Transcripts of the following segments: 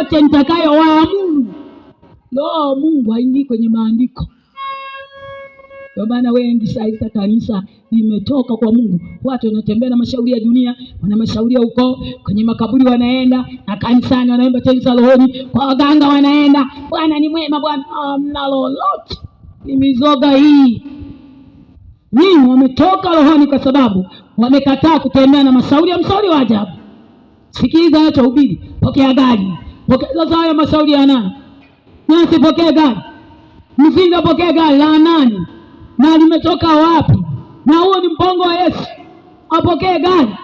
yote nitakayowaamuru. Roho Mungu haingii kwenye maandiko. Kwa maana wengi sasa kanisa limetoka kwa Mungu. Watu wanatembea na mashauri ya dunia, wana mashauri ya ukoo, kwenye makaburi wanaenda na kanisani wanaimba tenzi rohoni, kwa waganga wanaenda, Bwana ni mwema, Bwana ah, amna lolote. Ni mizoga hii. Nyinyi wametoka rohoni kwa sababu wamekataa kutembea na mashauri ya mshauri wa ajabu. Sikiliza anachohubiri, pokea gari sasa haya mashauri ya nani? Nasipokee gari, pokea gari la nani na limetoka wapi? Na huo ni mpongo wa Yesu. Apokee gari,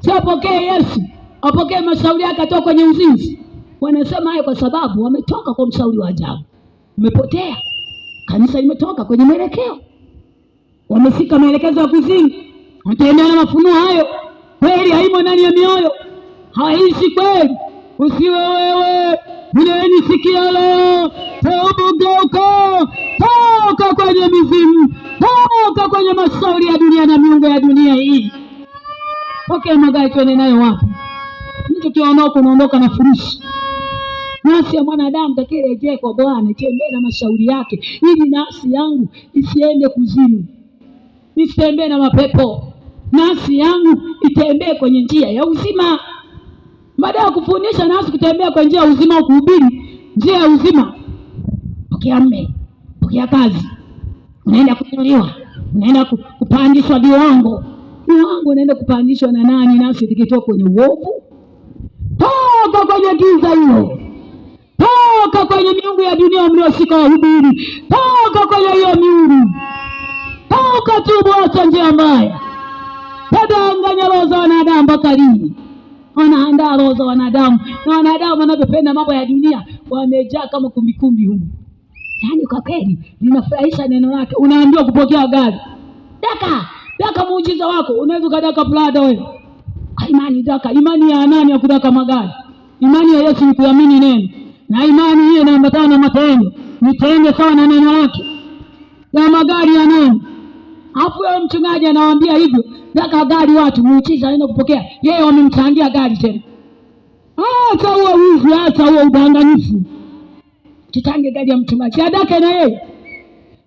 si apokee Yesu, apokee mashauri yake, atoka kwenye uzinzi. Wanasema hayo kwa sababu wametoka kwa mshauri wa ajabu. Umepotea, kanisa limetoka kwenye mwelekeo, wamefika maelekezo ya kuzinga, wataendea na mafunuo hayo. Kweli haimo ndani ya mioyo, haishi kweli usiwe wewe unayenisikia leo. Teubu, geuka, toka kwenye mizimu, toka kwenye mashauri ya dunia na miungu ya dunia hii. Pokea magari, tuende nayo wapi? Mtu kiondoka unaondoka na furushi. Nafsi ya mwanadamu takirejee kwa Bwana, itembee na mashauri yake, ili nafsi yangu isiende kuzimu, nisitembee na mapepo. Nafsi yangu itembee kwenye njia ya uzima baada ya kufundisha nasi kutembea kwa njia ya uzima, kuhubiri njia ya uzima. Pokea mme, pokea kazi, unaenda kuinuliwa, unaenda kupandishwa viwango. Viwango unaenda kupandishwa na nani? Nasi tukitoka kwenye uovu, toka kwenye giza hilo, toka kwenye miungu ya dunia mliosika wahubiri, toka kwenye hiyo miungu, toka tubu, acha njia mbaya, tadanganya roho za wanadamu mpaka lini? wanaandaa roho za wanadamu, na wanadamu wanavyopenda mambo ya dunia wamejaa kama kumbikumbi humu. Yaani kwa kweli linafurahisha neno lake. Unaambiwa kupokea gari, daka daka muujiza wako, unaweza ukadaka plada wewe. Ah, imani daka, imani ya nani ya kudaka magari? Imani ya Yesu ni kuamini neno, na imani hiyo inaambatana na matendo, nitende sawa na neno lake. Na magari ya nani? Alafu mchungaji anawaambia hivyo Nataka gari watu muuchiza aende kupokea, yeye wamemchangia gari tena. Acha huo wizi, acha huo udanganyifu. titange gari ya mtumaji adake na yeye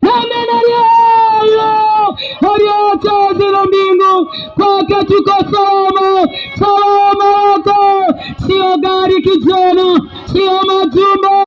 namenaliayo aliotazila mbingu kwake tuko salama. Salama yako sio gari kijana, sio majumba